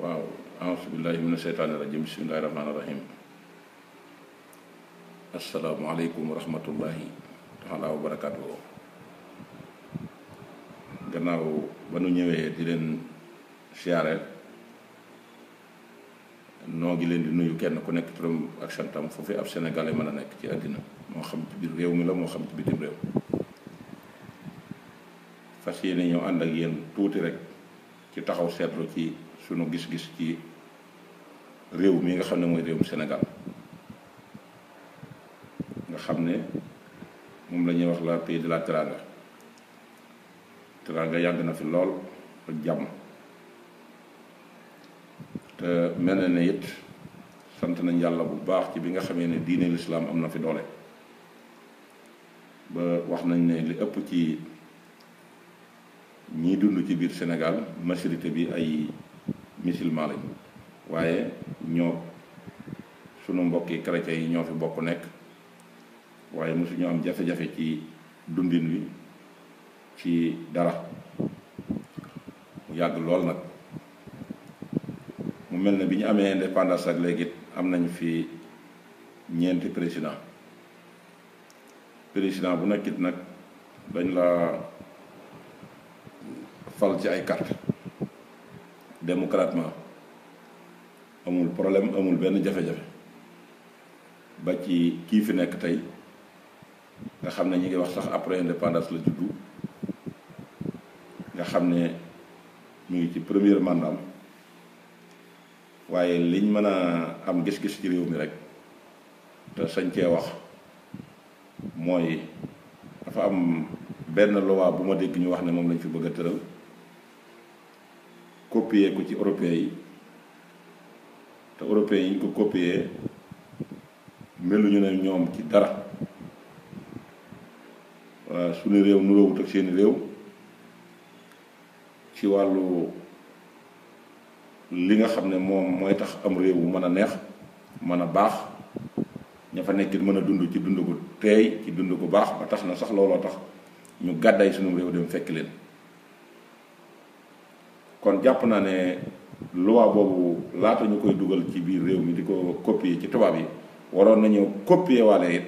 waaw aousubillahi mina sheytaani rajim bismillahi rahmaani rahim asalaamualeykum wa rahmatullahi taala wa barakaatu gannaaw ba nu ñëwee di leen siyaare noo ngi leen di nuyu kenn ku nekk turam ak santam fu fi ab sénégalais mën a nekk ci àddina moo xam ci biir réew mi la moo xam bitim réew fas yéene ñëw ànd ak yéen tuuti rek ci taxaw seetlu ci sunu gis-gis ci réew mi nga xam ne mooy réewum senegal nga xam ne moom la ñuy wax la pays de la teranga teranga yàgg na fi lool ak jàmm te mel na ne it sant nañ yàlla bu baax ci bi nga xamee ne diine lislaam am na fi doole ba wax nañ ne li ëpp ci ñiy dund ci biir senegal majorité bi ay musulman lañ waaye ñoo sunu mbokki chrétien yi ñoo fi bokk nekk waaye mosuñu am jafe-jafe ci dundin wi ci dara mu yàgg lool nag mu mel ne bi ñu amee indépendance ak léegi am nañ fi ñeenti président président bu nekkit nag dañ la fal ci ay carte démocratement amul problème amul benn jafe-jafe ba ci kii fi nekk tey nga xam ne ñu ngi wax sax après indépendance la juddu nga xam ne mu ngi ci premier mandat waaye liñ mën a am gis-gis ci réew mi rek te sañ cee wax mooy dafa am benn loi bu ma dégg ñu wax ne moom lañ fi bëgg a tëral. copier ko ci européens yi te européens yi ñu ko copier meluñu ne ñoom ci dara waaw suñu réew nuroowut ak seeni réew ci wàllu li nga xam ne moom mooy tax am réew bu mën a neex mën a baax ña fa nekk mën a dund ci dund gu teey ci dund gu baax ba tax na sax looloo tax ñu gàddaay suñu réew dem fekk leen kon jàpp naa ne loi boobu laata ñu koy dugal ci biir réew mi di ko copier ci tubaab yi waroon nañu copier waale it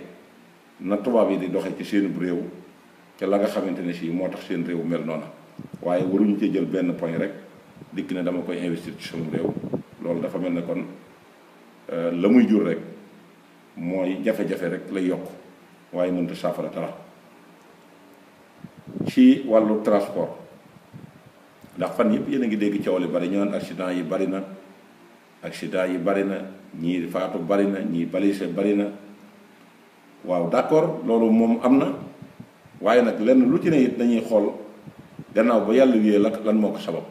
na tubaab yi di doxee ci seen réew ca la nga xamante ne si moo tax seen réew mel noona waaye waruñu ci jël benn point rek dikk ne dama koy investir ci sunu réew loolu dafa mel ne kon euh, la muy jur rek mooy jafe-jafe rek lay yokk waaye mënut a saafara dara ci wàllu transport. ndax fan yëpp yéen a ngi dégg coow li bari ñu naan accident yi bari na accident yi bari na ñii faatu bari na ñii balise bari na waaw d'accord loolu moom am na waaye nag lenn lu ci ne it dañuy xool gannaaw ba yàlla wiyee lak lan moo ko sabab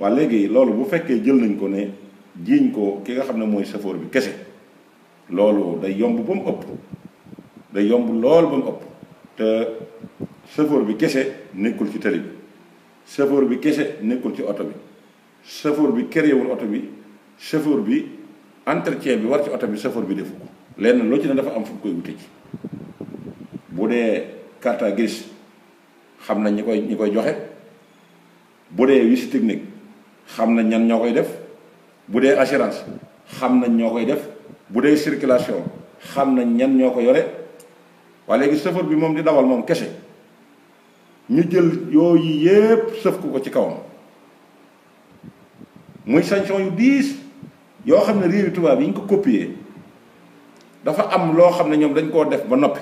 waa léegi loolu bu fekkee jël nañ ko ne jiiñ ko ki nga xam ne mooy safoor bi kese loolu day yomb ba mu ëpp day yomb lool ba mu ëpp te safoor bi kese nekkul ci tëri bi chauffeur bi kese nekkul ci oto bi chauffeur bi këréewul oto bi chauffeur bi entretien bi war ci oto bi chauffeur bi defu ko lenn loo ci ne dafa am fu koy wute ci bu dee carte grise xam na ñi koy ñi koy joxe bu dee visite technique xam na ñan ñoo koy def bu dee assurance xam nañ ñoo koy def bu dee circulation xam nañ ñan ñoo ko yore waaye léegi chauffeur bi moom di dawal moom kese ñu jël yooyu yépp sëf ko ko ci kawam muy sanction yu diis yoo xam ne réewi tubaab yi ñu ko copier dafa am loo xam ne ñoom dañ koo def ba noppi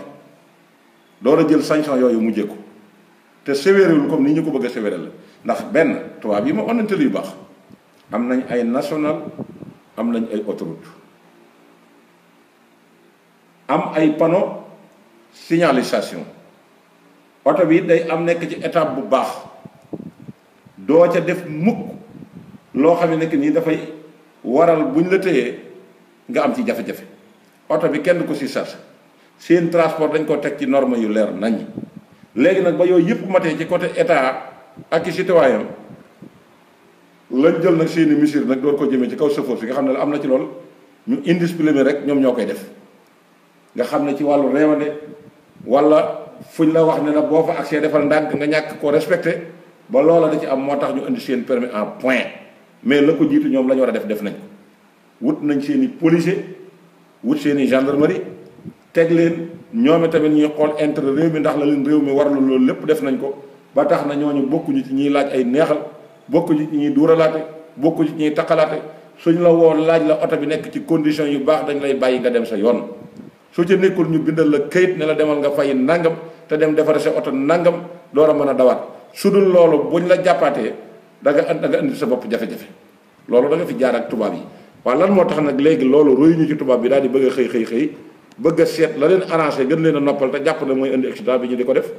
door a jël sanction yooyu mu jëkku te sévérewul comme ni ñu ko bëgg a sévérer la ndax benn tubaab yi ma onante yu baax am nañ ay national am nañ ay autoroute am ay panneau signalisation oto bi day am nekk ci étape bu baax doo ca def mukk loo xam ne nekk nii dafay waral buñ la tëyee nga am ci jafe-jafe oto bi kenn ko si sas seen transport dañ koo teg ci norme yu leer nañ léegi nag ba yooyu yëpp matee ci côté état ak i citoyen lañ jël nag seeni mesures nag door ko jëmee ci kaw chauffeur si nga xam ne la am na ci lool ñu indiscipliné rek ñoom ñoo koy def nga xam ne ci wàllu réewande walla fuñ la wax ni la boo fa accès defal ndànk nga ñàkk ko respecté ba loola da ci am moo tax ñu indi seen permis en point mais la ko jiitu ñoom lañu war a def def nañ ko wut nañ seen i policier wut seen i gendarmerie teg leen ñoom tamit ñuy xool intérêt réew mi ndax la leen réew mi warlu loolu lépp def nañ ko ba tax na ñoo ñooñu bokkuñu ci ñuy laaj ay neexal bokkuñu ci ñuy duuralaate bokkuñu ci ñuy taqalaate suñ la woo laaj la oto bi nekk ci condition yu baax dañ lay bàyyi nga dem sa yoon su ca nekkul ñu bindal la kayit ne la demal nga fay nangam te dem defar sa oto nangam door a mën a dawaat su dul loolu buñ la jàppaatee da nga da indi sa bopp jafe-jafe loolu da nga fi jaar ak tubaab yi. waaw lan moo tax nag léegi loolu ruy ñu ci tubaab bi daal di bëgg a xëy xëy xëy bëgg seet la leen arrangé gën leen noppal te jàpp na mooy indi accident bi ñu di ko def.